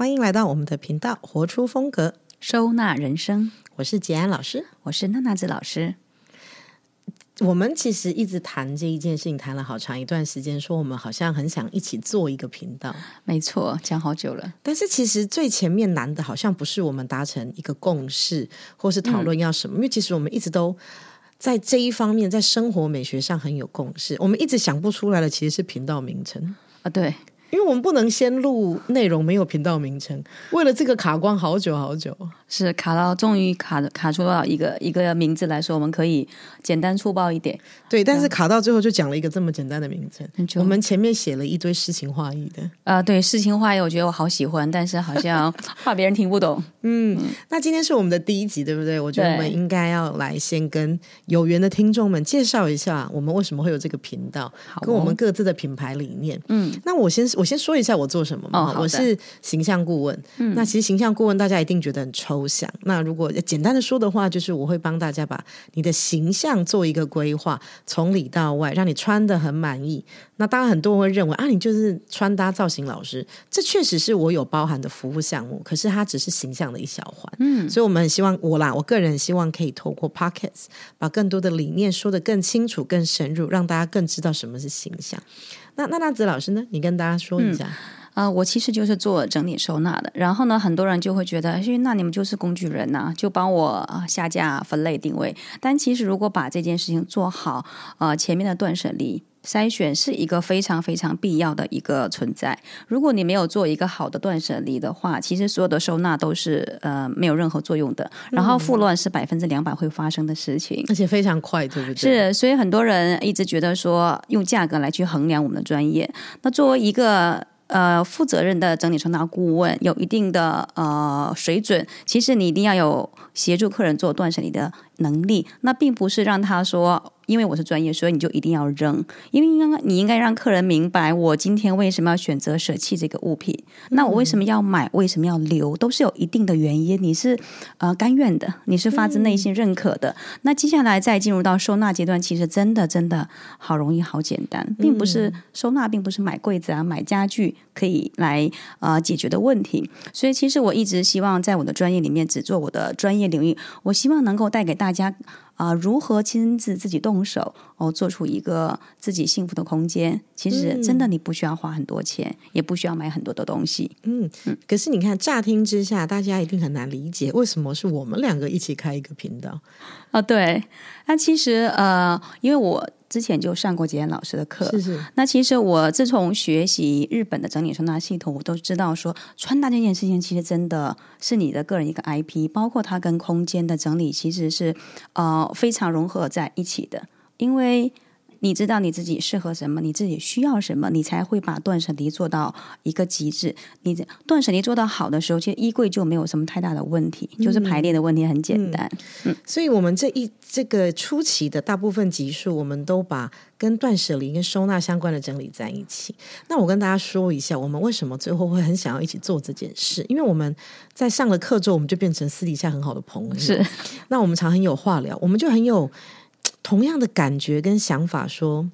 歡迎來到我們的頻道《活出風格，收納人生》。我是捷安老師，我是娜娜子老師。我們其實一直談這一件事情，談了好長一段時間，說我們好像很想一起做一個頻道。沒錯，講好久了。但是其實最前面難的，好像不是我們達成一個共識，或是討論要什麼、嗯，因為其實我們一直都在這一方面，在生活美學上很有共識。我們一直想不出來的，其實是頻道名稱啊、哦。對。因為我們不能先錄內容，沒有頻道名稱。為了這個卡關好久好久，是卡到終於卡卡出了一個一個名字來說，我們可以簡單粗暴一點。對，但是卡到最後就講了一個這麼簡單的名字、嗯。我們前面寫了一堆詩情畫意的啊、呃，對，詩情畫意，我覺得我好喜歡，但是好像怕別人聽不懂 嗯。嗯，那今天是我們的第一集，對不對？我覺得我們應該要來先跟有緣的聽眾們介紹一下，我們為什麼會有這個頻道、哦，跟我們各自的品牌理念。嗯，那我先是。我先說一下我做什麼嘛，Oh, 我是形象顧問，嗯。那其實形象顧問大家一定覺得很抽象。那如果簡單的說的話，就是我會幫大家把你的形象做一個規劃，從裡到外，讓你穿得很滿意。那當然很多人會認為啊，你就是穿搭造型老師，這確實是我有包含的服務項目。可是它只是形象的一小環。嗯，所以我們很希望我啦，我個人很希望可以透過 Pockets 把更多的理念說得更清楚、更深入，讓大家更知道什麼是形象。那娜娜子老師呢？你跟大家說一下啊、嗯呃，我其實就是做整理收納的。然後呢，很多人就會覺得，哎，那你們就是工具人吶、啊，就幫我下架、分類、定位。但其實，如果把這件事情做好，呃，前面的斷捨離，篩選是一個非常非常必要的一個存在。如果你沒有做一個好的斷捨離的話，其實所有的收納都是呃沒有任何作用的。然後復亂是百分之兩百會發生的事情，而且非常快，對不對？是，所以很多人一直覺得說用價格來去衡量我們的專業。那作為一個呃負責任的整理收納顧問，有一定的呃水準，其實你一定要有協助客人做斷捨離的。能力，那並不是讓他說，因為我是專業，所以你就一定要扔。因為，應該你應該讓客人明白，我今天為什麼要選擇捨棄這個物品，那我為什麼要買，為什麼要留，都是有一定的原因。你是啊，甘願的，你是發自內心認可的，嗯。那接下來再進入到收納階段，其實真的真的好容易，好簡單，並不是收納，並不是買櫃子啊，買家具可以來、呃、解決的問題。所以，其實我一直希望在我的專業裡面只做我的專業領域，我希望能夠帶給大大家啊，呃，如何親自自己動手哦，做出一個自己幸福的空間？其實真的，你不需要花很多錢，嗯，也不需要買很多的東西。嗯，可是你看，乍聽之下，大家一定很難理解，為什麼是我們兩個一起開一個頻道，哦，對，那其實呃，因為我。之前就上過捷安老師的課，是是，那其實我自從學習日本的整理收納系統，我都知道說，穿搭這件事情其實真的是你的個人一個 IP，包括它跟空間的整理其實是呃非常融合在一起的，因為。你知道你自己適合什麼，你自己需要什麼，你才會把斷捨離做到一個極致。你斷捨離做到好的時候，其實衣櫃就沒有什麼太大的問題，嗯、就是排列的問題很簡單。嗯，嗯，所以我們這一這個初期的大部分集數，我們都把跟斷捨離跟收納相關的整理在一起。那我跟大家說一下，我們為什麼最後會很想要一起做這件事？因為我們在上了課之後，我們就變成私底下很好的朋友。是，那我們常很有話聊，我們就很有。同樣的感覺跟想法，說。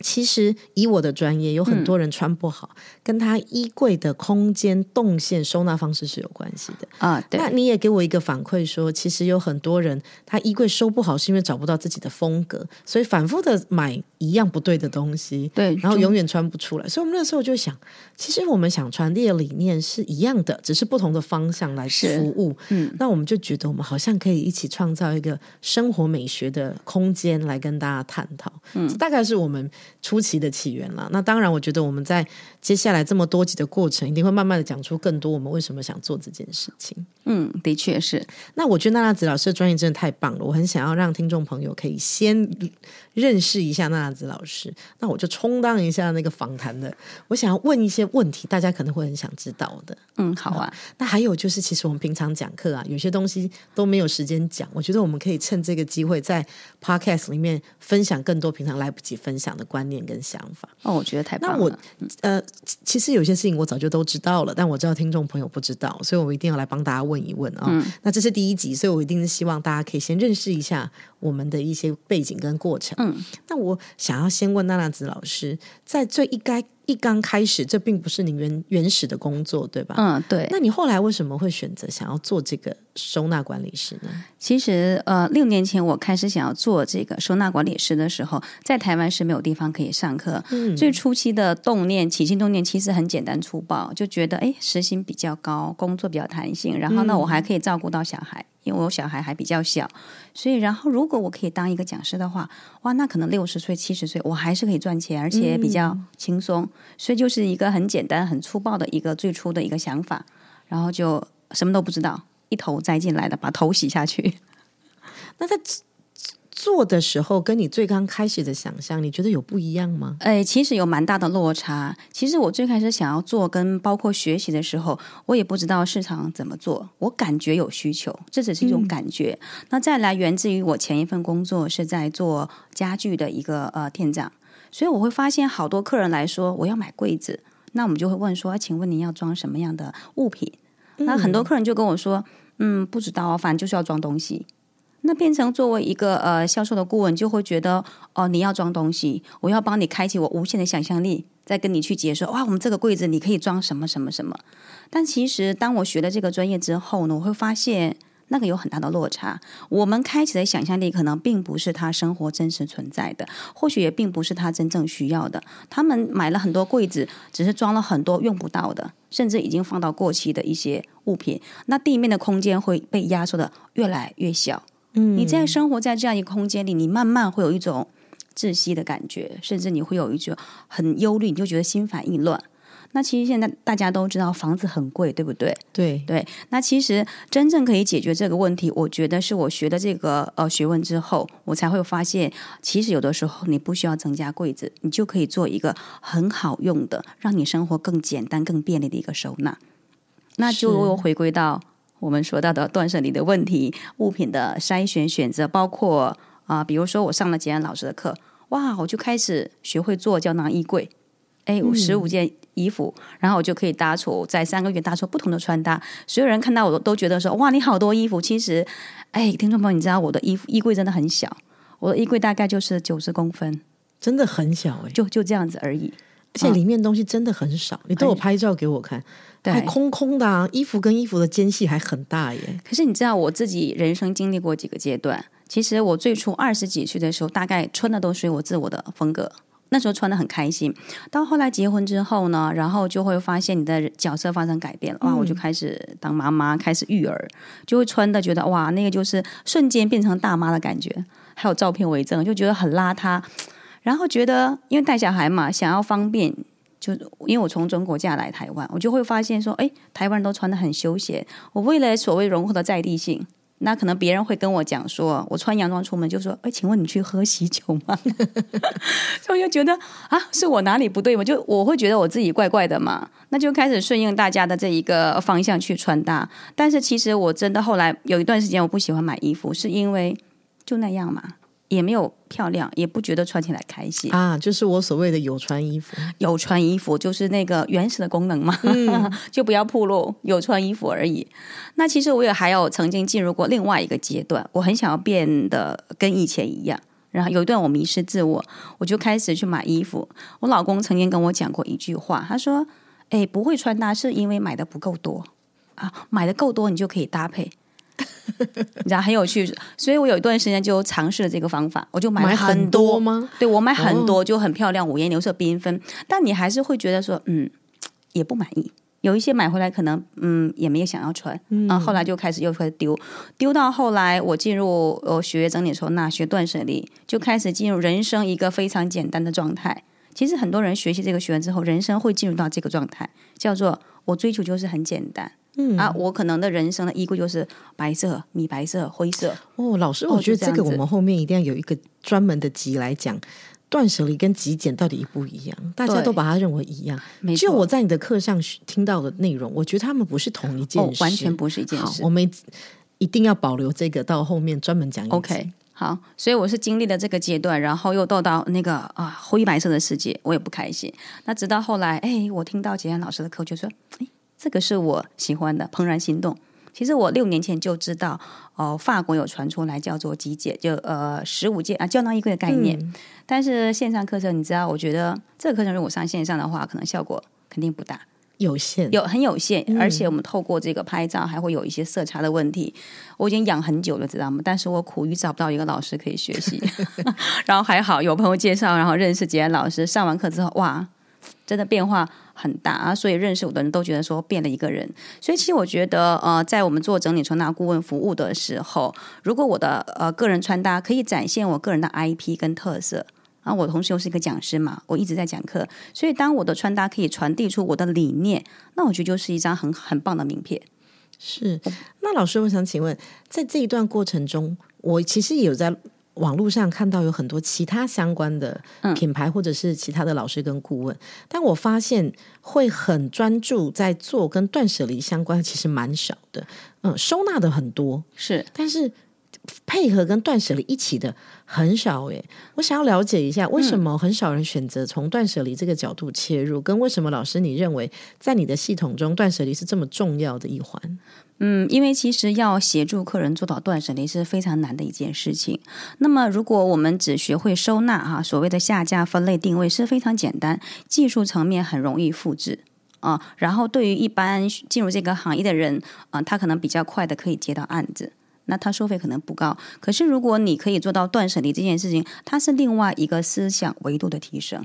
其實以我的專業，有很多人穿不好，嗯，跟他衣櫃的空間動線、收納方式是有關係的。啊，對。那你也給我一個反饋說，其實有很多人他衣櫃收不好，是因為找不到自己的風格，所以反覆的買一樣不對的東西，對，然後永遠穿不出來。所以我們那時候就想，其實我們想傳遞的理念是一樣的，只是不同的方向來服務。嗯，那我們就覺得我們好像可以一起創造一個生活美學的空間來跟大家探討。嗯，大概是我們。出奇的起源了，那當然，我覺得我們在接下來這麼多集的過程，一定會慢慢的講出更多我們為什麼想做這件事情。嗯，的確是。那我覺得娜娜子老師的專業真的太棒了，我很想要讓聽眾朋友可以先認識一下娜娜子老師。那我就充當一下那個訪談的，我想要問一些問題，大家可能會很想知道的。嗯，好啊。呃、那還有就是，其實我們平常講課啊，有些東西都沒有時間講，我覺得我們可以趁這個機會在 Podcast 裡面分享更多平常來不及分享的觀念跟想法。哦，我覺得太棒了。那我呃。嗯其實有些事情我早就都知道了，但我知道聽眾朋友不知道，所以我一定要來幫大家問一問啊、哦嗯。那這是第一集，所以我一定是希望大家可以先認識一下我們的一些背景跟過程。嗯、那我想要先問娜娜子老師，在最應該。一剛開始，這並不是你原原始的工作，對吧？嗯，對。那你後來為什麼會選擇想要做這個收納管理師呢？其實，呃，六年前我開始想要做這個收納管理師的時候，在台灣是沒有地方可以上課。嗯，最初期的動念，起心動念其實很簡單粗暴，就覺得哎，時薪比較高，工作比較彈性，然後呢，嗯，我還可以照顧到小孩。因為我小孩還比較小，所以，然後如果我可以當一個講師的話，哇，那可能六十歲、七十歲我還是可以賺錢，而且比較輕鬆，嗯。所以就是一個很簡單、很粗暴的一個最初的一個想法，然後就什麼都不知道，一頭栽進來的，把頭洗下去。 那他。做的時候跟你最剛開始的想象，你覺得有不一樣嗎？誒、哎，其實有蠻大的落差。其實我最開始想要做，跟包括學習的時候，我也不知道市場怎麼做。我感覺有需求，這只是一種感覺。嗯、那再來，源自於我前一份工作是在做家具的一個呃店長，所以我會發現好多客人來說，我要買櫃子，那我們就會問說，啊、請問您要裝什麼樣的物品？嗯。那很多客人就跟我說，嗯，不知道、啊，反正就是要裝東西。那變成作為一個呃銷售的顧問，就會覺得哦、呃，你要裝東西，我要幫你開啟我無限的想象力，再跟你去解說。哇，我們這個櫃子你可以裝什麼什麼什麼。但其實當我學了這個專業之後呢，我會發現那個有很大的落差。我們開啟的想象力可能並不是他生活真實存在的，或許也並不是他真正需要的。他們買了很多櫃子，只是裝了很多用不到的，甚至已經放到過期的一些物品。那地面的空間會被壓縮得越來越小。你在生活在這樣一個空間裡，你慢慢會有一種窒息的感覺，甚至你會有一種很憂慮，你就覺得心煩意亂。那其實現在大家都知道房子很貴，對不對？對對。那其實真正可以解決這個問題，我覺得是我學的這個呃學問之後，我才會發現，其實有的時候你不需要增加櫃子，你就可以做一個很好用的，讓你生活更簡單、更便利的一個收納。那就又回歸到。我們說到的斷舍離的問題，物品的篩選選擇，包括啊、呃，比如說我上了捷安老師的課，哇，我就開始學會做膠囊衣櫃。哎，十五件衣服，然後我就可以搭出在三個月搭出不同的穿搭。所有人看到我都覺得說，哇，你好多衣服。其實，哎，聽眾朋友，你知道我的衣服，衣櫃真的很小，我的衣櫃大概就是九十公分，真的很小、欸、就就這樣子而已。而且裡面的東西真的很少，嗯、你都有拍照給我看，對、嗯、空空的、啊，衣服跟衣服的間隙還很大耶。可是你知道我自己人生經歷過幾個階段，其實我最初二十幾歲的時候，大概穿的都屬於我自我的風格，那時候穿的很開心。到後來結婚之後呢，然後就會發現你的角色發生改變了，嗯、哇，我就開始當媽媽，開始育兒，就會穿的覺得哇，那個就是瞬間變成大媽的感覺，還有照片為證，就覺得很邋遢。然後覺得，因為帶小孩嘛，想要方便，就因為我從中國嫁來台灣，我就會發現說，哎，台灣人都穿得很休閒。我為了所謂融合的在地性，那可能別人會跟我講說，我穿洋裝出門，就說，哎，請問你去喝喜酒嗎？ 所以我就覺得啊，是我哪裡不對嗎？就我會覺得我自己怪怪的嘛，那就開始順應大家的這一個方向去穿搭。但是其實我真的後來有一段時間我不喜歡買衣服，是因為就那樣嘛。也沒有漂亮，也不覺得穿起來開心啊！就是我所謂的有穿衣服，有穿衣服就是那個原始的功能嘛，嗯、 就不要暴露，有穿衣服而已。那其實我也還有曾經進入過另外一個階段，我很想要變得跟以前一樣，然後有一段我迷失自我，我就開始去買衣服。我老公曾經跟我講過一句話，他說：“誒，不會穿搭是因為買的不夠多啊，買的夠多你就可以搭配。” 你知道很有趣，所以我有一段時間就嘗試了這個方法，我就買很多，買很多嗎？對我買很多、哦，就很漂亮，五顏六色繽紛。但你還是會覺得說，嗯，也不滿意。有一些買回來可能，嗯，也沒有想要穿，啊，後來就開始又會丟、嗯、丟到後來。我進入呃學整理收納，那學斷捨離，就開始進入人生一個非常簡單的狀態。其實很多人學習這個學院之後，人生會進入到這個狀態，叫做我追求就是很簡單。嗯、啊，我可能的人生的衣櫃就是白色、米白色、灰色。哦，老師，我覺得這個我們後面一定要有一個專門的集來講、哦、斷舍離跟極簡到底一不一樣？大家都把它認為一樣，就我在你的課上聽到的內容，嗯、我覺得他們不是同一件事，哦、完全不是一件事好。我們一定要保留這個到後面專門講一。OK，好，所以我是經歷了這個階段，然後又到到那個啊，灰白色的世界，我也不開心。那直到後來，哎，我聽到捷安老師的課，就說。這個是我喜歡的《怦然心動》。其實我六年前就知道，哦、呃，法國有傳出來叫做“極簡”，就呃，十五件啊，膠囊衣櫃的概念、嗯。但是線上課程，你知道，我覺得這個課程如果上線上的話，可能效果肯定不大，有限，有很有限。而且我們透過這個拍照，還會有一些色差的問題、嗯。我已經養很久了，知道嗎？但是我苦於找不到一個老師可以學習， 然後還好有朋友介紹，然後認識捷安老師。上完課之後，哇！真的變化很大啊！所以認識我的人都覺得說變了一個人。所以其實我覺得，呃，在我們做整理穿搭、顧問服務的時候，如果我的呃個人穿搭可以展現我個人的 IP 跟特色，啊，我同時又是一個講師嘛，我一直在講課，所以當我的穿搭可以傳遞出我的理念，那我覺得就是一張很很棒的名片。是，那老師，我想請問，在這一段過程中，我其實有在。網絡上看到有很多其他相關的品牌，或者是其他的老師跟顧問，嗯，但我發現會很專注在做跟斷舍離相關其實蠻少的。嗯，收納的很多是，但是。配合跟斷捨離一起的很少誒，我想要了解一下為什麼很少人選擇從斷捨離這個角度切入，嗯，跟為什麼老師你認為在你的系統中斷捨離是這麼重要的一環？嗯，因為其實要協助客人做到斷捨離是非常難的一件事情。那麼如果我們只學會收納啊，所謂的下架、分類、定位是非常簡單，技術層面很容易複製啊。然後對於一般進入這個行業的人啊，他可能比較快的可以接到案子。那他收費可能不高，可是如果你可以做到斷捨離這件事情，它是另外一個思想維度的提升。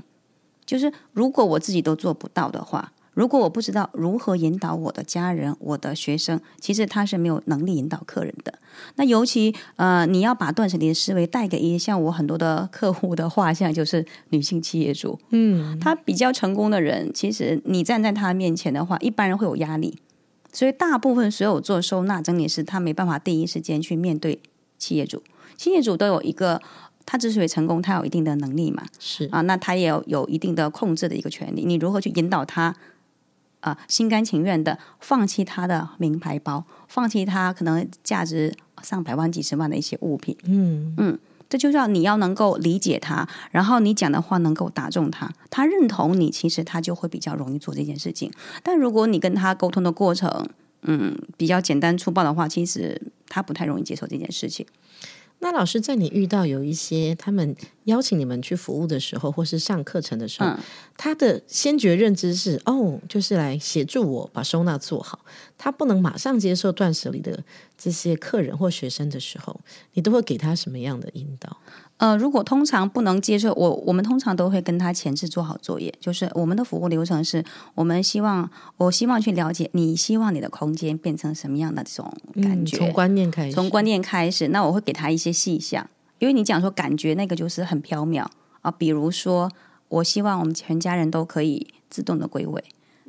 就是如果我自己都做不到的話，如果我不知道如何引導我的家人、我的學生，其實他是沒有能力引導客人的。那尤其呃，你要把斷捨離的思維帶給一些像我很多的客戶的畫像，就是女性企業主，嗯，他比較成功的人，其實你站在他面前的話，一般人會有壓力。所以，大部分所有做收納整理師，他沒辦法第一時間去面對企業主。企業主都有一個，他之所以成功，他有一定的能力嘛，是啊，那他也有有一定的控制的一個權利。你如何去引導他，啊、呃，心甘情願的放棄他的名牌包，放棄他可能價值上百萬、幾十萬的一些物品？嗯嗯。這就叫你要能夠理解他，然後你講的話能夠打中他，他認同你，其實他就會比較容易做這件事情。但如果你跟他溝通的過程，嗯，比較簡單粗暴的話，其實他不太容易接受這件事情。那老師，在你遇到有一些他們邀請你們去服務的時候，或是上課程的時候，嗯，他的先決認知是哦，就是來協助我把收納做好。他不能馬上接受斷捨離的這些客人或學生的時候，你都會給他什麼樣的引導？呃，如果通常不能接受，我我們通常都會跟他前置做好作業，就是我們的服務流程是，我們希望我希望去了解你希望你的空間變成什麼樣的這種感覺。嗯，從觀念開始。從觀念開始，那我會給他一些細項，因為你講說感覺那個就是很飄渺啊。呃，比如說我希望我們全家人都可以自動的歸位，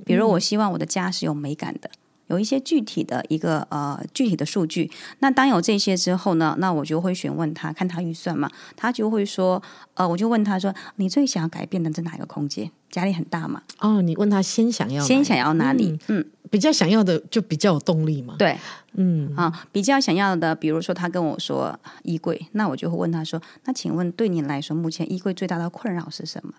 比如我希望我的家是有美感的。嗯有一些具體的一個呃具體的數據，那當有這些之後呢，那我就會詢問他看他預算嘛，他就會說，呃，我就問他說，你最想要改變的是哪一個空間？家裡很大嘛。哦，你問他先想要先想要哪裡？嗯，比較想要的就比較有動力嘛。對，嗯啊、呃，比較想要的，比如說他跟我說衣櫃，那我就會問他說，那請問對你來說，目前衣櫃最大的困擾是什麼？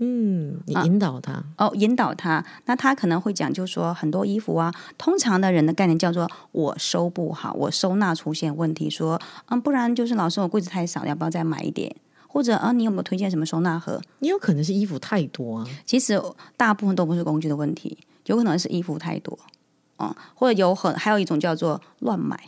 嗯，你引導他、嗯、哦，引導他。那他可能會講，就說很多衣服啊，通常的人的概念叫做我收不好，我收納出現問題。說，嗯，不然就是老師，我櫃子太少了，要不要再買一點？或者啊、嗯，你有沒有推薦什麼收納盒？你有可能是衣服太多啊。其實大部分都不是工具的問題，有可能是衣服太多哦、嗯，或者有很還有一種叫做亂買，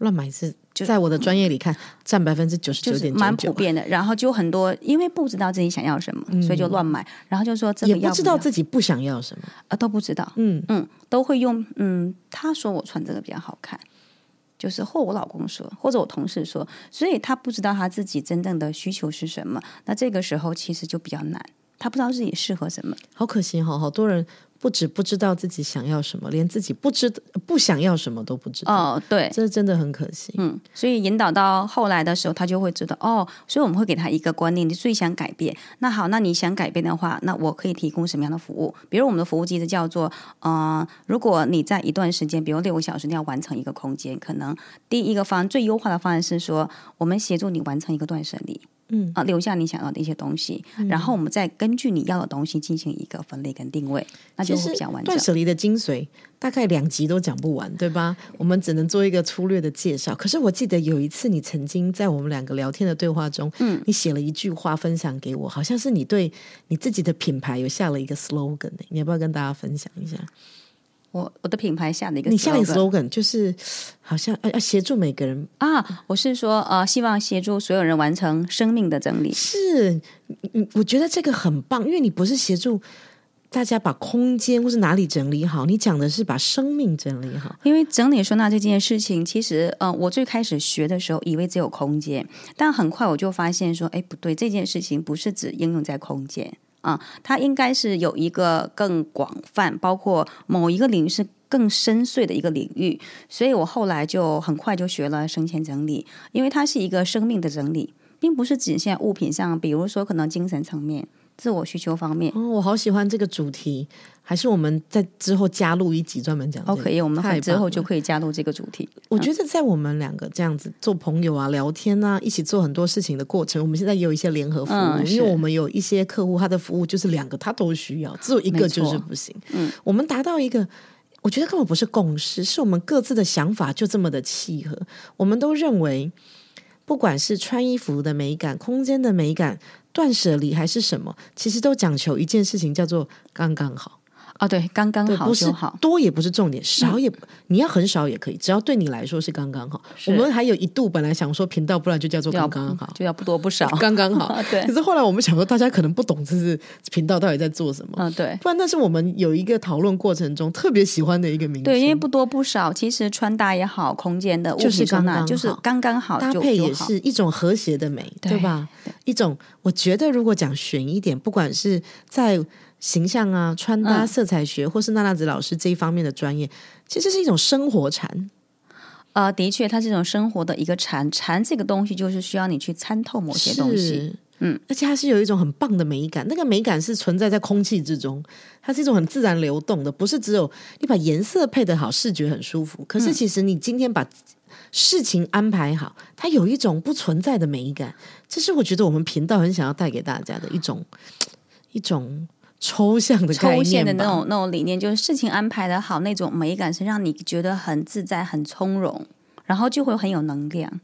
亂買是。就在我的專業裡看，嗯、佔百分之九十九點九九，就是蠻普遍的。然後就很多，因為不知道自己想要什麼，嗯、所以就亂買。然後就說要不要也不知道自己不想要什麼啊、呃，都不知道。嗯嗯，都會用。嗯，他說我穿這個比較好看，就是或我老公說，或者我同事說，所以他不知道他自己真正的需求是什麼。那這個時候其實就比較難。他不知道自己適合什麼，好可惜哈、哦！好多人不止不知道自己想要什麼，連自己不知不想要什麼都不知道。哦，對，這真的很可惜。嗯，所以引導到後來的時候，他就會知道哦。所以我們會給他一個觀念：你最想改變。那好，那你想改變的話，那我可以提供什麼樣的服務？比如我們的服務機制叫做呃，如果你在一段時間，比如六個小時，你要完成一個空間，可能第一個方案最優化的方案是說，我們協助你完成一個斷捨離。嗯啊，留下你想要的一些東西，嗯，然後我們再根據你要的東西進行一個分類跟定位，那就是比較完整。斷捨離的精髓大概兩集都講不完，對吧？我們只能做一個粗略的介紹。可是我記得有一次你曾經在我們兩個聊天的對話中，嗯、你寫了一句話分享給我，好像是你對你自己的品牌有下了一個 slogan 欸，你要不要跟大家分享一下？我我的品牌下的一個，你下的 slogan 就是好像要協助每個人啊，我是說呃，希望協助所有人完成生命的整理。是，我覺得這個很棒，因為你不是協助大家把空間或是哪裡整理好，你講的是把生命整理好。因為整理收納這件事情，其實嗯、呃、我最開始學的時候，以為只有空間，但很快我就發現說，哎，不對，這件事情不是只應用在空間。啊，它應該是有一個更廣泛，包括某一個領域是更深邃的一個領域，所以我後來就很快就學了生前整理，因為它是一個生命的整理，並不是僅限物品，像比如說可能精神層面。自我需求方面，哦，我好喜歡這個主題，還是我們在之後加入一集專門講這個的，可以，我們很之後就可以加入這個主題。嗯、我覺得在我們兩個這樣子做朋友啊、聊天啊、一起做很多事情的過程，我們現在也有一些聯合服務，嗯、因為我們有一些客戶，他的服務就是兩個，他都需要，只有一個就是不行。嗯，我們達到一個，我覺得根本不是共識，是我們各自的想法就這麼的契合。我們都認為，不管是穿衣服的美感、空間的美感，斷捨離還是什麼，其實都講求一件事情，叫做剛剛好。啊、哦，對，剛剛好是好，不是多也不是重點，少也，嗯，你要很少也可以，只要對你來說是剛剛好。我們還有一度本來想說頻道，不然就叫做剛剛好就，就要不多不少，剛剛好。 對。可是後來我們想說，大家可能不懂這是頻道到底在做什麼。嗯，對。不然那是我們有一個討論過程中特別喜歡的一個名字。對，因為不多不少，其實穿搭也好，空間的是剛剛，就是剛剛好，就是，剛剛好就搭配也是一種和諧的美，對，對吧？一種我覺得如果講懸一點，不管是在。形象啊，穿搭色彩學、嗯，或是娜娜子老師這一方面的專業，其實是一種生活禪。呃，的確，它是一種生活的一個禪。禪這個東西，就是需要你去參透某些東西。嗯，而且它是有一種很棒的美感，那個美感是存在在空氣之中，它是一種很自然流動的，不是只有你把顏色配得好，視覺很舒服。可是，其實你今天把事情安排好，它有一種不存在的美感。這是我覺得我們頻道很想要帶給大家的一種、嗯、一種。抽象的抽象的那種那種理念，就是事情安排的好，那種美感是讓你覺得很自在、很從容，然後就會很有能量，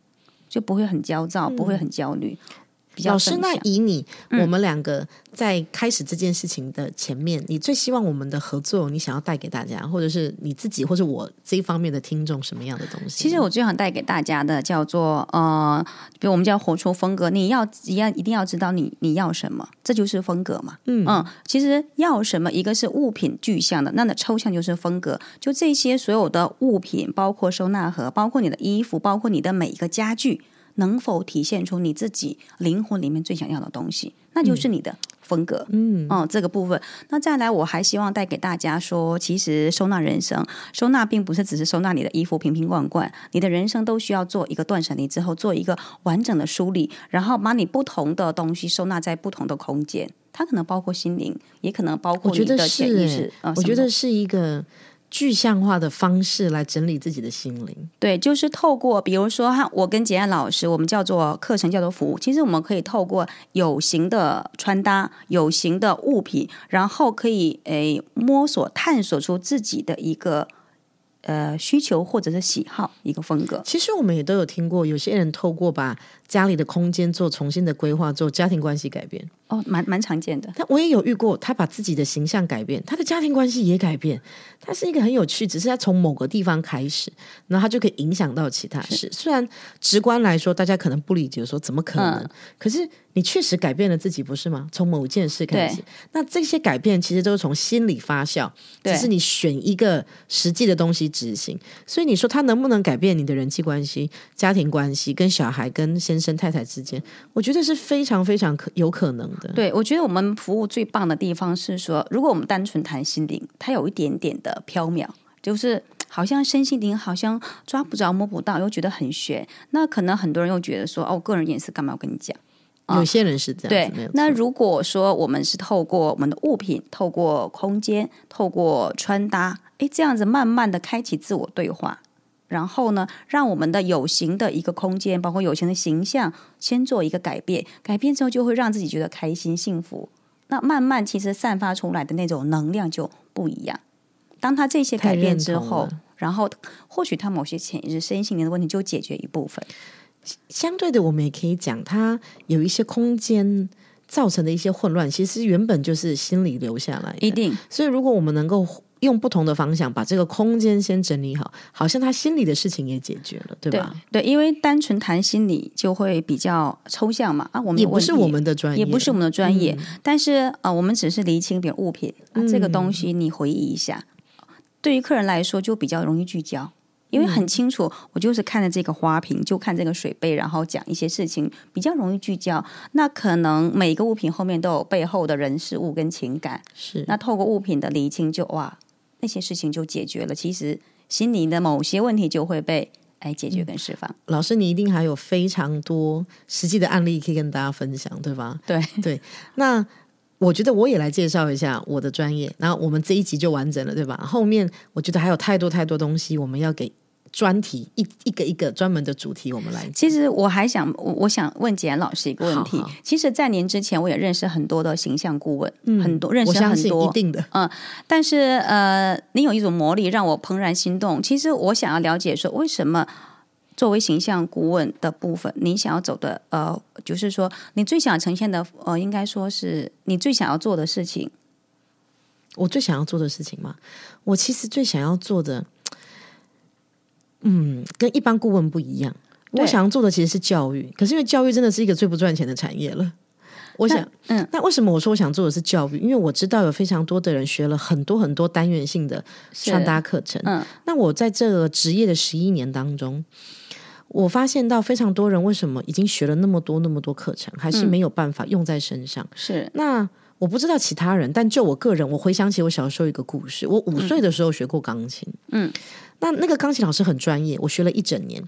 就不會很焦躁，不會很焦慮。嗯。老師，那以你，嗯、我們兩個在開始這件事情的前面，你最希望我們的合作，你想要帶給大家，或者是你自己，或者是我這一方面的聽眾什麼樣的東西？其實我最想帶給大家的叫做呃，比如我們叫活出風格，你要一樣一定要知道你你要什麼，這就是風格嘛嗯。嗯，其實要什麼，一個是物品具象的，那那抽象就是風格，就這些所有的物品，包括收納盒，包括你的衣服，包括你的每一個家具。能否體現出你自己靈魂裡面最想要的東西，那就是你的風格。嗯，哦，嗯，這個部分。那再來，我還希望帶給大家說，其實收納人生，收納並不是只是收納你的衣服、瓶瓶罐罐，你的人生都需要做一個斷捨離之後，做一個完整的梳理，然後把你不同的東西收納在不同的空間。它可能包括心靈，也可能包括你的潛意識。我覺得是欸，呃，我覺得是一個。具象化的方式來整理自己的心靈，對，就是透過比如說哈，我跟捷安老師，我們叫做課程，叫做服務，其實我們可以透過有形的穿搭、有形的物品，然後可以誒、呃、摸索探索出自己的一個呃需求或者是喜好一個風格。其實我們也都有聽過，有些人透過把。家裡的空間做重新的規劃，做家庭關係改變哦，蠻蠻常見的。但我也有遇過，他把自己的形象改變，他的家庭關係也改變。他是一個很有趣，只是他從某個地方開始，那他就可以影響到其他事是。雖然直觀來說，大家可能不理解，說怎麼可能、嗯？可是你確實改變了自己，不是嗎？從某件事開始，那這些改變其實都是從心裡發酵對。只是你選一個實際的東西執行，所以你說他能不能改變你的人際關係、家庭關係、跟小孩、跟先生。生太太之間，我覺得是非常非常可有可能的。對，我覺得我們服務最棒的地方是說，如果我們單純談心靈，它有一點點的飄渺，就是好像身心靈好像抓不着、摸不到，又覺得很玄。那可能很多人又覺得說：“哦，個人隱私幹嘛我跟你講、嗯？”有些人是這樣、嗯。對。那如果說我們是透過我們的物品，透過空間，透過穿搭，哎，這樣子慢慢的開啟自我對話。然後呢，讓我們的有形的一個空間，包括有形的形象，先做一個改變。改變之後，就會讓自己覺得開心、幸福。那慢慢，其實散發出來的那種能量就不一樣。當他這些改變之後，然後或許他某些潛意識、身心靈的問題就解決一部分。相對的，我們也可以講，他有一些空間造成的一些混亂，其實原本就是心理留下來、嗯。一定。所以，如果我們能夠。用不同的方向把這個空間先整理好，好像他心裡的事情也解決了，對吧？對，對，因為單純談心理就會比較抽象嘛。啊，我們也不是我們的專業，也不是我們的專業。嗯、但是啊、呃，我們只是釐清，點物品啊、嗯、啊，這個東西你回憶一下。對於客人來說，就比較容易聚焦，因為很清楚，嗯、我就是看着這個花瓶，就看這個水杯，然後講一些事情，比較容易聚焦。那可能每個物品後面都有背後的人、事物跟情感。是，那透過物品的釐清就，就哇。那些事情就解決了，其實心裡的某些問題就會被誒、哎、解決跟釋放。嗯、老師，你一定還有非常多實際的案例可以跟大家分享，對吧？對對，那我覺得我也來介紹一下我的專業，那我們這一集就完整了，對吧？後面我覺得還有太多太多東西我們要給。專題，一一個一個專門的主題，我們來講。其實我還想，我，我想問捷安老師一個問題。好好，其實，在您之前，我也認識很多的形象顧問，嗯、很多認識很多，嗯，但是呃，您有一種魔力，讓我怦然心動。其實，我想要了解說，為什麼作為形象顧問的部分，您想要走的呃，就是說，你最想呈現的呃，應該說是你最想要做的事情，我最想要做的事情嗎？我其實最想要做的。嗯，跟一般顧問不一樣。我想要做的其實是教育，可是因為教育真的是一個最不賺錢的產業了。我想，嗯，那為什麼我說我想做的是教育？因為我知道有非常多的人學了很多很多單元性的穿搭課程。嗯，那我在這個職業的十一年當中，我發現到非常多人為什麼已經學了那麼多那麼多課程，還是沒有辦法用在身上。是，嗯，那我不知道其他人，但就我個人，我回想起我小時候一個故事。我五歲的時候學過鋼琴。嗯。嗯那那個鋼琴老師很專業，我學了一整年，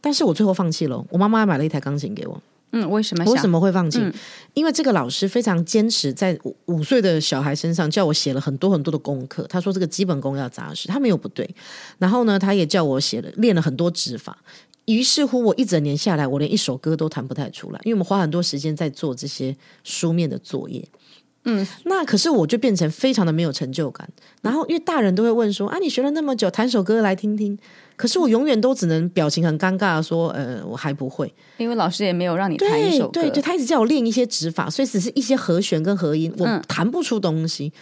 但是我最後放棄了。我媽媽買了一台鋼琴給我。嗯，為什麼？我怎麼會放棄，嗯？因為這個老師非常堅持，在五五歲的小孩身上叫我寫了很多很多的功課。他說這個基本功要扎實，他沒有不對。然後呢，他也叫我寫了練了很多指法。於是乎，我一整年下來，我連一首歌都彈不太出來，因為我們花很多時間在做這些書面的作業。嗯，那可是我就變成非常的沒有成就感，然後因為大人都會問說啊，你學了那麼久，彈首歌來聽聽。可是我永遠都只能表情很尷尬地說，呃，我還不會，因為老師也沒有讓你彈一首歌。對對，就他一直叫我練一些指法，所以只是一些和弦跟和音，我彈不出東西。嗯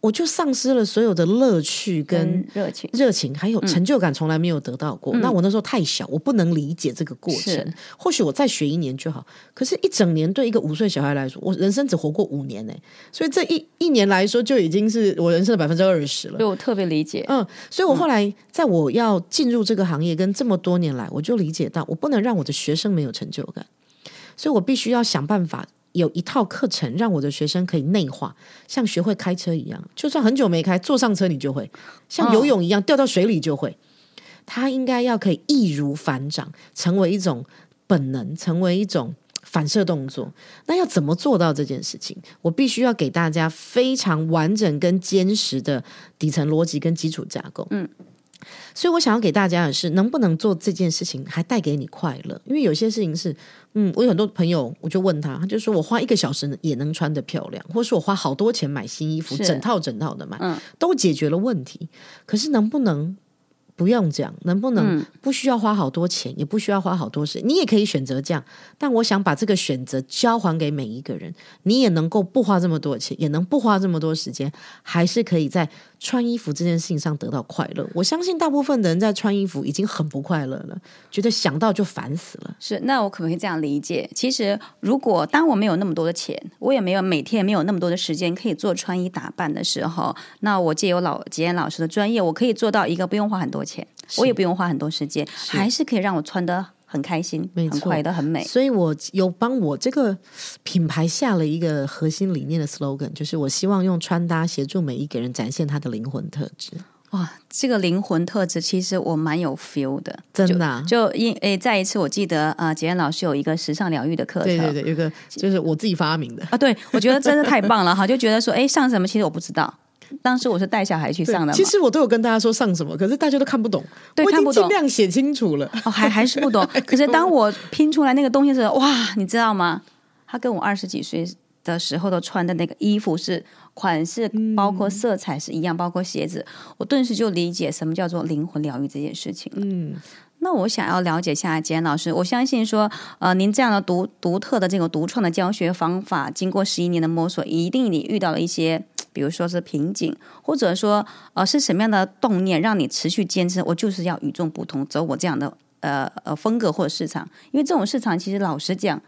我就喪失了所有的樂趣跟熱情，熱情還有成就感從來沒有得到過。嗯、那我那時候太小、嗯，我不能理解這個過程。或許我再學一年就好，可是，一整年對一個五歲小孩來說，我人生只活過五年誒，所以這一一年來說，就已經是我人生的百分之二十了。對我特別理解，嗯，所以我後來在我要進入這個行業，跟這麼多年來，我就理解到，我不能讓我的學生沒有成就感，所以我必須要想辦法。有一套課程，讓我的學生可以內化，像學會開車一樣，就算很久沒開，坐上車你就會；像游泳一樣，哦、掉到水裡就會。他應該要可以易如反掌，成為一種本能，成為一種反射動作。那要怎麼做到這件事情？我必須要給大家非常完整跟堅實的底層邏輯跟基礎架構。嗯。所以我想要給大家的是，能不能做這件事情還帶給你快樂？因為有些事情是，嗯，我有很多朋友，我就問他，他就說，我花一個小時也能穿得漂亮，或是我花好多錢買新衣服，整套整套的買，嗯，都解決了問題。可是能不能不用這樣？能不能不需要花好多錢，嗯、也不需要花好多時，你也可以選擇這樣。但我想把這個選擇交還給每一個人，你也能夠不花這麼多錢，也能不花這麼多時間，還是可以在穿衣服這件事情上得到快樂，我相信大部分的人在穿衣服已經很不快樂了，覺得想到就煩死了。是，那我可不可以這樣理解，其實如果當我沒有那麼多的錢，我也沒有每天沒有那麼多的時間可以做穿衣打扮的時候，那我借由老捷安老師的專業，我可以做到一個不用花很多錢，我也不用花很多時間，是還是可以讓我穿得。很開心，沒錯，很快的很美。所以，我有幫我這個品牌下了一個核心理念的 slogan，就是我希望用穿搭協助每一個人展現他的靈魂特質。哇，這個靈魂特質，其實我蠻有 feel 的，真的、啊。就因，誒，再一次我記得啊、呃，捷安老師有一個時尚療癒的課程，對對對，有個就是我自己發明的啊，對我覺得真的太棒了哈， 就覺得說，哎，上什麼？其實我不知道。當時我是帶小孩去上的，其實我都有跟大家說上什麼，可是大家都看不懂，對，看不懂。我已經盡量寫清楚了，哦、還還是不懂。 可是當我拼出來那個東西的時候，哇，你知道嗎？他跟我二十幾歲的時候的穿的那個衣服是款式，包括色彩是一樣，嗯、包括鞋子，我頓時就理解什麼叫做靈魂療癒這件事情了。嗯，那我想要了解一下捷安老師，我相信說，呃，您這樣的獨獨特的這種獨創的教學方法，經過十一年的摸索，一定你遇到了一些。比如說是瓶頸，或者說呃，是什麼樣的動念讓你持續堅持？我就是要與眾不同，走我這樣的呃呃風格或者市場，因為這種市場其實老實講，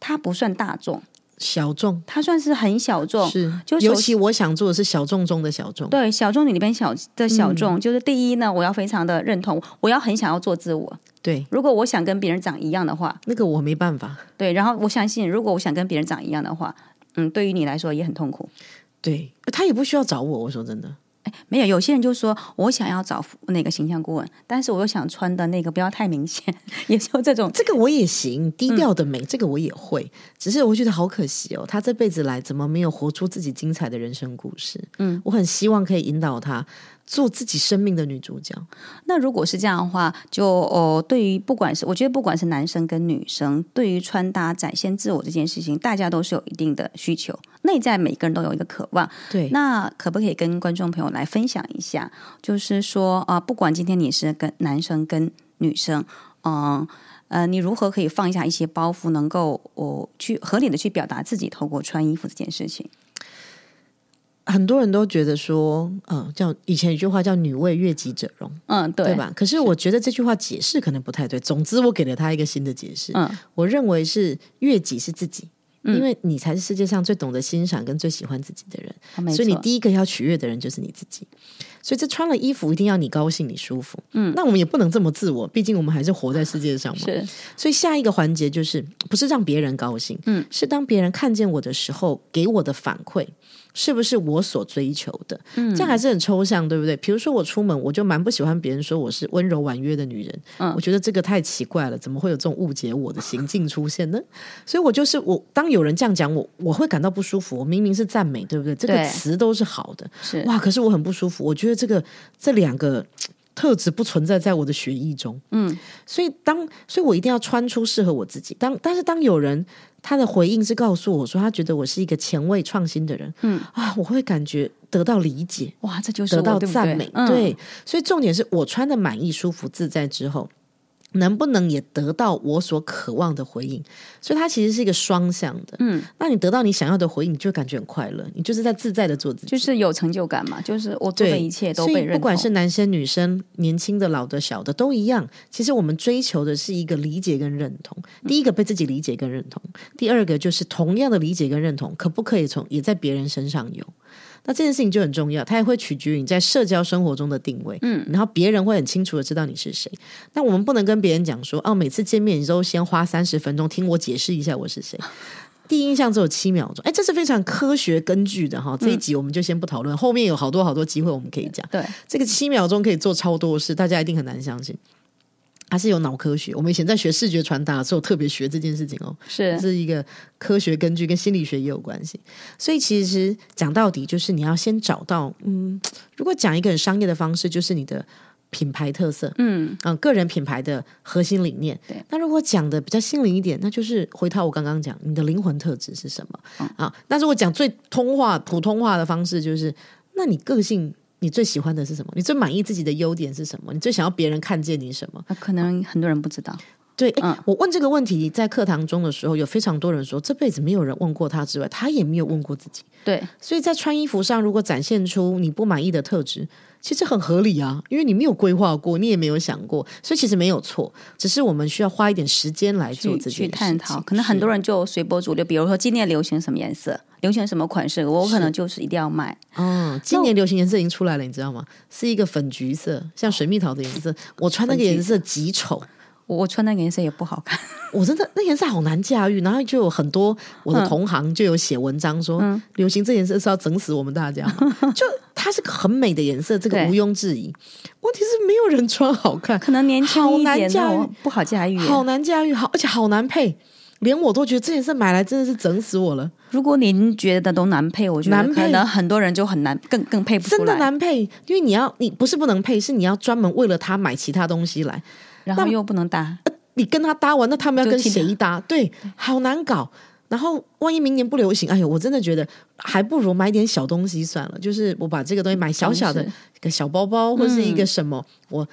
它不算大眾，小眾，它算是很小眾。是，就是、尤其我想做的是小眾中的小眾。對，小眾裡邊小的小眾、嗯，就是第一呢，我要非常的認同，我要很想要做自我。對，如果我想跟別人長一樣的話，那個我沒辦法。對，然後我相信，如果我想跟別人長一樣的話，嗯，對於你來說也很痛苦。對，他也不需要找我，我說真的，哎，沒有有些人就說，我想要找那個形象顧問，但是我又想穿的那個不要太明顯，也是這種，這個我也行，低調的美，嗯，這個我也會，只是我覺得好可惜哦，他這輩子來怎麼沒有活出自己精彩的人生故事？嗯，我很希望可以引導他，做自己生命的女主角。那如果是這樣的話，就哦，對於不管是我覺得不管是男生跟女生，對於穿搭展現自我這件事情，大家都是有一定的需求，內在每個人都有一個渴望。對，那可不可以跟觀眾朋友來分享一下？就是說啊，呃，不管今天你是跟男生跟女生，嗯呃，呃，你如何可以放下一些包袱，能夠哦去合理的去表達自己，透過穿衣服這件事情。很多人都覺得說，嗯，叫以前一句話叫“女為悅己者容”，嗯，對，對吧？可是我覺得這句話解釋可能不太對。總之，我給了他一個新的解釋。嗯，我認為是悅己是自己，嗯，因為你才是世界上最懂得欣賞跟最喜歡自己的人，哦，所以你第一個要取悅的人就是你自己。所以這穿了衣服一定要你高興，你舒服。嗯，那我們也不能這麼自我，畢竟我們還是活在世界上嘛。是。所以下一個環節就是，不是讓別人高興，嗯，是當別人看見我的時候給我的反饋。是不是我所追求的？嗯，這樣還是很抽象，對不對？嗯。比如說我出門，我就蠻不喜歡別人說我是溫柔婉約的女人。嗯，我覺得這個太奇怪了，怎麼會有這種誤解我的行徑出現呢？嗯。所以我就是我，當有人這樣講我，我會感到不舒服。我明明是讚美，對不對？對。這個詞都是好的，是哇。可是我很不舒服，我覺得這個這兩個。特質不存在在我的血液中，嗯，所以當，所以我一定要穿出適合我自己。當，但是當有人他的回應是告訴我說，他覺得我是一個前衛創新的人，嗯啊，我會感覺得到理解，哇，這就是我得到讚美對對、嗯，對，所以重點是我穿得滿意、舒服、自在之後，能不能也得到我所渴望的回應？所以它其實是一個雙向的。嗯，那你得到你想要的回應，你就感覺很快樂，你就是在自在的做自己，就是有成就感嘛。就是我做的一切都被認同。所以不管是男生、女生、年輕的老的小的都一樣。其實我們追求的是一個理解跟認同。第一個被自己理解跟認同，嗯，第二個就是同樣的理解跟認同，可不可以從也在別人身上有？那這件事情就很重要，它也會取決於你在社交生活中的定位。嗯，然後別人會很清楚的知道你是誰。那我們不能跟別人講說，哦、啊，每次見面你都先花三十分鐘聽我解釋一下我是誰。 第一印象只有七秒鐘，哎，這是非常科學根據的哈。這一集我們就先不討論，後面有好多好多機會我們可以講。對、嗯，這個七秒鐘可以做超多事，大家一定很難相信。還是有腦科學，我們以前在學視覺傳達的時候特別學這件事情哦，是是一個科學根據，跟心理學也有關係。所以其實講到底，就是你要先找到，嗯，如果講一個很商業的方式，就是你的品牌特色，嗯嗯、呃，個人品牌的核心理念。那如果講的比較心靈一點，那就是回到我剛剛講，你的靈魂特質是什麼、嗯、啊？那是我講最通話普通話的方式，就是那你個性。你最喜歡的是什麼？你最滿意自己的優點是什麼？你最想要別人看見你什麼？啊，可能很多人不知道。嗯，對，嗯，我問這個問題在課堂中的時候，有非常多人說這輩子沒有人問過他之外，他也沒有問過自己。對，所以在穿衣服上，如果展現出你不滿意的特質。其實很合理啊，因為你沒有規劃過，你也沒有想過，所以其實沒有錯，只是我們需要花一點時間來做自己去，去探討。可能很多人就隨波逐流，啊，比如說今年流行什麼顏色，流行什麼款式，我可能就是一定要買。嗯，今年流行顏色已經出來了，你知道嗎？是一個粉橘色，哦，像水蜜桃的顏色，我穿那個顏色極醜。我，我穿那顏色也不好看，我真的那顏色好難駕馭，然後就有很多我的同行就有寫文章說，嗯，流行這顏色是要整死我們大家，嗯，就它是個很美的顏色，這個毋庸置疑。問題是沒有人穿好看，可能年輕一點都不好駕馭，好難駕馭，好，然後不好駕馭呀，好難駕馭，好，而且好難配，連我都覺得這顏色買來真的是整死我了。如果您覺得都難配，我覺得可能很多人就很難，難更更配不出來，真的難配，因為你要你不是不能配，是你要專門為了它買其他東西來。然後又不能搭，你跟他搭完，那他們要跟誰搭打？對，好難搞。然後萬一明年不流行，哎呦，我真的覺得還不如買點小東西算了。就是我把這個東西買小小的、嗯、一個小包包，或是一個什麼，嗯、我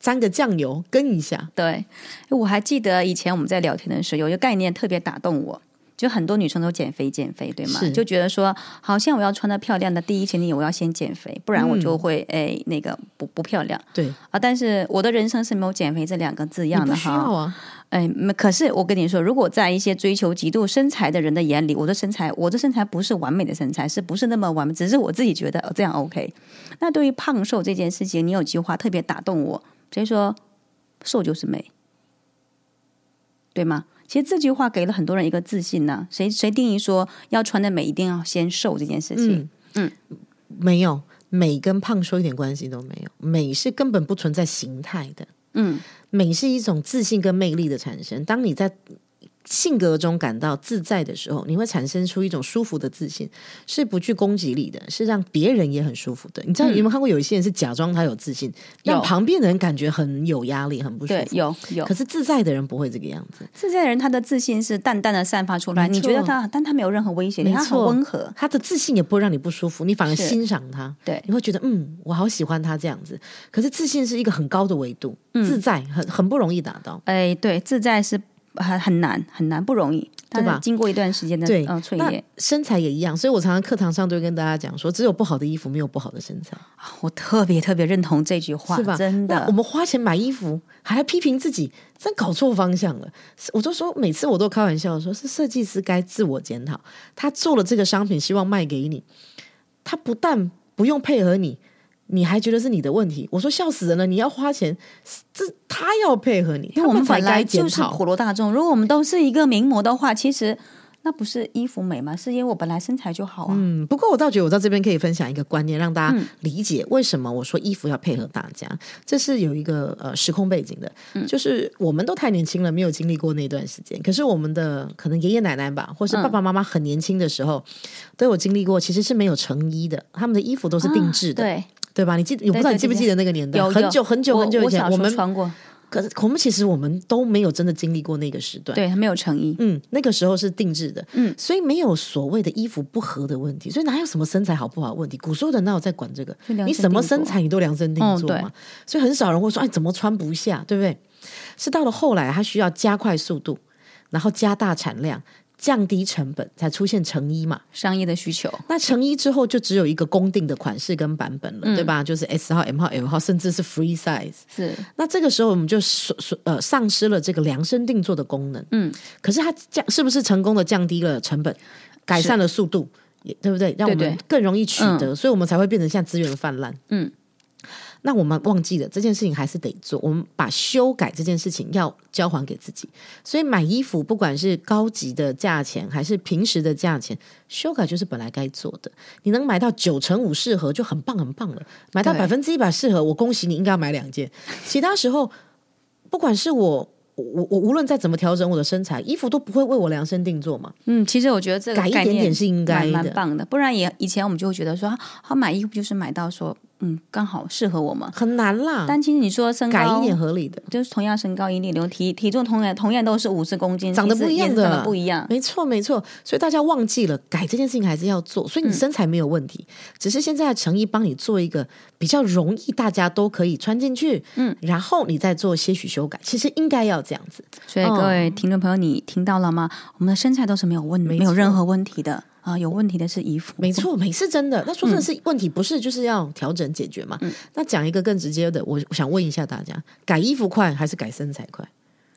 沾個醬油跟一下。對，我還記得以前我們在聊天的時候，有一個概念特別打動我。就很多女生都減肥減肥，對嗎？就覺得說，好像我要穿的漂亮，的第一前提我要先減肥，不然我就會、嗯、誒那個不不漂亮。對啊，但是我的人生是沒有“減肥”這兩個字樣的哈。你不需要哎、啊，可是我跟你說，如果在一些追求極度身材的人的眼裡，我的身材，我的身材不是完美的身材，是不是那麼完美？只是我自己覺得這樣 OK。那對於胖瘦這件事情，你有句話特別打動我，所以說瘦就是美，對嗎？其實這句話給了很多人一個自信呢、啊。誰誰定義說要穿的美一定要先瘦這件事情？嗯，嗯，沒有美跟胖瘦一點關係都沒有，美是根本不存在形態的。嗯，美是一種自信跟魅力的產生。當你在性格中感到自在的時候，你會產生出一種舒服的自信，是不具攻擊力的，是讓別人也很舒服的。你知道你有沒有看過有一些人是假裝他有自信，讓、嗯、旁邊的人感覺很有壓力，很不舒服。對，有有。可是自在的人不會這個樣子，自在的人他的自信是淡淡的散發出來。嗯、你覺得他，但他沒有任何威脅，你看他很溫和。他的自信也不會讓你不舒服，你反而欣賞他。對，你會覺得嗯，我好喜歡他這樣子。可是自信是一個很高的維度，嗯、自在很很不容易達到。哎、嗯，對，自在是。呃、很難，很難，不容易，對吧？經過一段時間的對，對、呃，那身材也一樣，所以我常常課堂上都會跟大家講說，只有不好的衣服，沒有不好的身材。啊、我特別特別認同這句話，是吧？真的，我，我們花錢買衣服，還要批評自己，真搞錯方向了。我都說，每次我都開玩笑說，是設計師該自我檢討，他做了這個商品，希望賣給你，他不但不用配合你。你還覺得是你的問題？我說笑死人了！你要花錢，這是他要配合你。因為我們本來就是普羅大眾，如果我們都是一個名模的話，其實那不是衣服美嗎？是因為我本來身材就好啊。嗯，不過我倒覺得我在這邊可以分享一個觀念，讓大家理解為什麼我說衣服要配合大家。嗯、這是有一個呃時空背景的、嗯，就是我們都太年輕了，沒有經歷過那段時間。可是我們的可能爺爺奶奶吧，或是爸爸媽媽很年輕的時候，嗯、都有經歷過，其實是沒有成衣的，他們的衣服都是定制的、啊。對。對吧？你記，你不知道你記不記得那個年代？對對對對有，很久很久很久以前，我們穿過。可是，我們其實我們都沒有真的經歷過那個時段。對，它沒有成衣。嗯，那個時候是定制的。嗯，所以沒有所謂的衣服不合的問題，所以哪有什麼身材好不好的問題？古時候的哪有在管這個？你什麼身材你都量身定做嘛、嗯對。所以很少人會說，哎，怎麼穿不下，對不對？是到了後來，它需要加快速度，然後加大產量。降低成本才出現成衣嘛，商業的需求。那成衣之後就只有一個公定的款式跟版本了，嗯、對吧？就是 S 號、M 號、L 號，甚至是 Free Size。是。那這個時候我們就失呃喪失了這個量身定做的功能。嗯。可是它降是不是成功的降低了成本，改善了速度，也對不對？讓我們更容易取得，對對嗯、所以我們才會變成現在資源泛濫。嗯。那我們忘記了這件事情還是得做，我們把修改這件事情要交還給自己。所以買衣服，不管是高級的價錢還是平時的價錢，修改就是本來該做的。你能買到九成五適合就很棒，很棒了。買到百分之一百適合，我恭喜你，應該要買兩件。其他時候，不管是我我我無論再怎麼調整我的身材，衣服都不會為我量身定做嘛。嗯，其實我覺得這個改一點點是應該蠻蠻棒的，不然也以前我們就會覺得說，好買衣服就是買到說。嗯，剛好適合我們，很難啦。但其實你說身高改一點合理的，就是同樣身高一點六，體體重同樣同樣都是五十公斤，長得不一樣的不一樣，沒錯沒錯。所以大家忘記了改這件事情還是要做，所以你身材沒有問題，嗯、只是現在的誠意幫你做一個比較容易，大家都可以穿進去。嗯，然後你再做些許修改，其實應該要這樣子。所以各位聽眾朋友，哦、你聽到了嗎？我們的身材都是沒有問沒，沒有任何問題的。啊，有問題的是衣服，沒錯，沒是真的。那說的是問題、嗯，不是就是要調整解決嗎、嗯？那講一個更直接的我，我想問一下大家：改衣服快還是改身材快？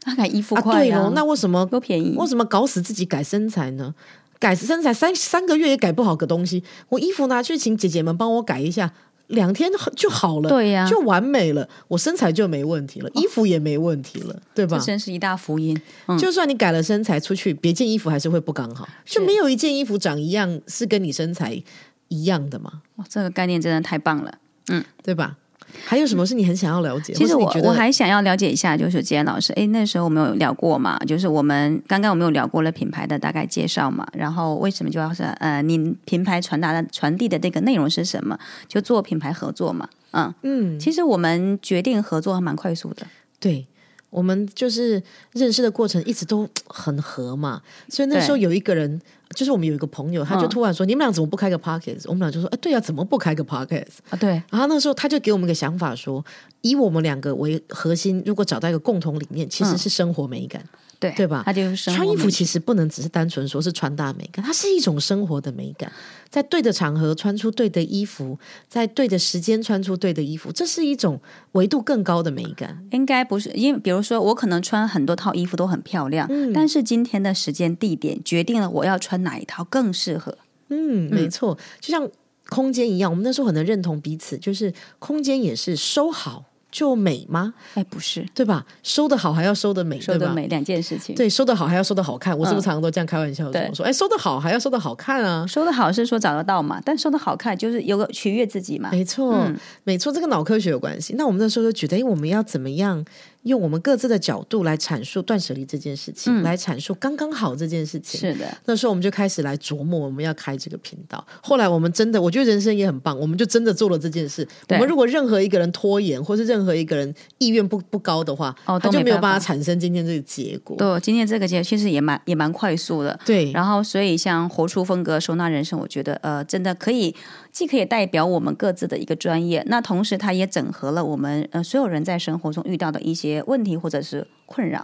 啊、改衣服快、啊啊，對哦。那為什麼？都便宜？為什麼搞死自己改身材呢？改身材三三個月也改不好個東西。我衣服拿去請姐姐們幫我改一下。兩天就好了，對呀，就完美了，我身材就沒問題了，哦、衣服也沒問題了，對吧？真是一大福音、嗯。就算你改了身材出去，別件衣服還是會不剛好，就沒有一件衣服長一樣，是跟你身材一樣的嘛？哇、哦，這個概念真的太棒了，嗯，對吧？還有什麼是你很想要了解？嗯、其實我覺得我還想要了解一下，就是捷安老師，哎，那時候我們有聊過嘛，就是我們剛剛我們有聊過了品牌的大概介紹嘛，然後為什麼就要是呃，你品牌傳達的傳遞的這個內容是什麼？就做品牌合作嘛，嗯嗯，其實我們決定合作還蠻快速的，對。我們就是認識的過程一直都很合嘛，所以那時候有一個人，就是我們有一個朋友，他就突然說：“嗯、你們倆怎麼不開個 podcast？” 我們倆就說：“哎，對呀、啊，怎麼不開個 podcast？” 啊，對。然後那時候他就給我們一個想法說：“以我們兩個為核心，如果找到一個共同理念，其實是生活美感。嗯”對，對吧？它就是生活，穿衣服，其實不能只是單純說是穿搭美感，它是一種生活的美感。在對的場合穿出對的衣服，在對的時間穿出對的衣服，這是一種維度更高的美感。應該不是，因為比如說，我可能穿很多套衣服都很漂亮，嗯，但是今天的時間地點決定了我要穿哪一套更適合。嗯，沒錯，就像空間一樣，我們那時候很能認同彼此，就是空間也是收好，就美嗎？哎，不是，對吧？收得好還要收得美，收得美兩件事情。對，收得好還要收得好看。我是不是常常都這樣開玩笑說、嗯：“對，我說，哎，收得好還要收得好看啊。”收得好是說找得到嘛，但收得好看就是有個取悅自己嘛。沒錯、嗯，沒錯，這個腦科學有關係。那我們那時候就覺得，哎，我們要怎麼樣？用我們各自的角度來闡述斷捨離這件事情、嗯，來闡述剛剛好這件事情。是的，那時候我們就開始來琢磨，我們要開這個頻道。後來我們真的，我覺得人生也很棒，我們就真的做了這件事。對，我們如果任何一個人拖延，或是任何一個人意願不不高的話，哦，他就沒有辦法產生今天這個結果。對，今天這個結果其實也蠻也蠻快速的。對，然後所以像活出風格收納人生，我覺得呃，真的可以。既可以代表我們各自的一個專業，那同時它也整合了我們呃所有人在生活中遇到的一些問題或者是困擾。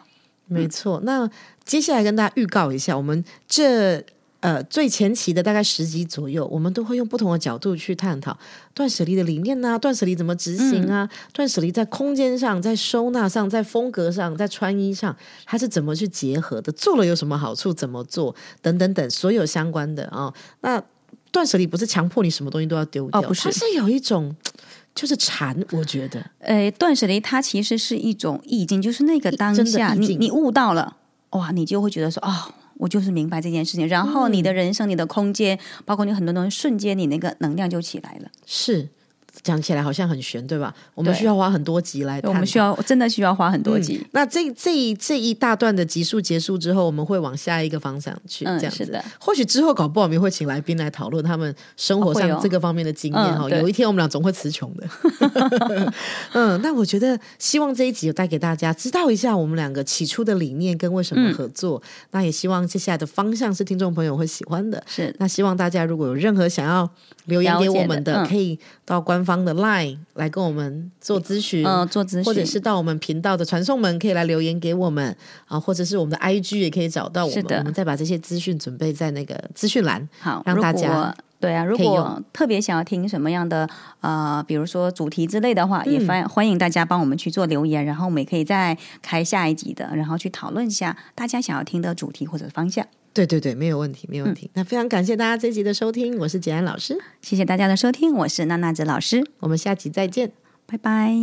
嗯，沒錯，那接下來跟大家預告一下，我們這呃最前期的大概十集左右，我們都會用不同的角度去探討斷捨離的理念呢，啊，斷捨離怎麼執行啊，嗯，斷捨離在空間上、在收納上、在風格上、在穿衣上，它是怎麼去結合的，做了有什麼好處，怎麼做等等等所有相關的啊，哦，那。斷捨離不是強迫你什麼東西都要丟掉，哦，不是，它是有一種就是禪，我覺得。呃，斷捨離它其實是一種意境，就是那個當下，你你悟到了，哇，你就會覺得說哦，我就是明白這件事情，然後你的人生，嗯，你的空間，包括你很多東西，瞬間你那個能量就起來了。是。講起來好像很玄，對吧？我們需要花很多集來看，我們需要真的需要花很多集。嗯、那這這一這一大段的集數結束之後，我們會往下一個方向去，這樣子。嗯、的或許之後搞不好也會請來賓來討論他們生活上這個方面的經驗哦、嗯。有一天我們倆總會詞窮的。嗯， 嗯，那我覺得希望這一集有帶給大家知道一下我們兩個起初的理念跟為什麼合作、嗯。那也希望接下來的方向是聽眾朋友會喜歡的。是，那希望大家如果有任何想要留言給我們的，的嗯、可以到官方。方的 Line 來跟我們做諮詢，嗯，做諮詢，或者是到我們頻道的傳送門可以來留言給我們啊，或者是我們的 IG 也可以找到我們，我們再把這些資訊準備在那個資訊欄，好，讓大家。對啊，如果特別想要聽什麼樣的呃，比如說主題之類的話，嗯、也歡歡迎大家幫我們去做留言，然後我們也可以再開下一集的，然後去討論一下大家想要聽的主題或者方向。對對對，沒有問題，沒有問題。嗯、那非常感謝大家這集的收聽，我是捷安老師，謝謝大家的收聽，我是娜娜子老師，我們下集再見，拜拜。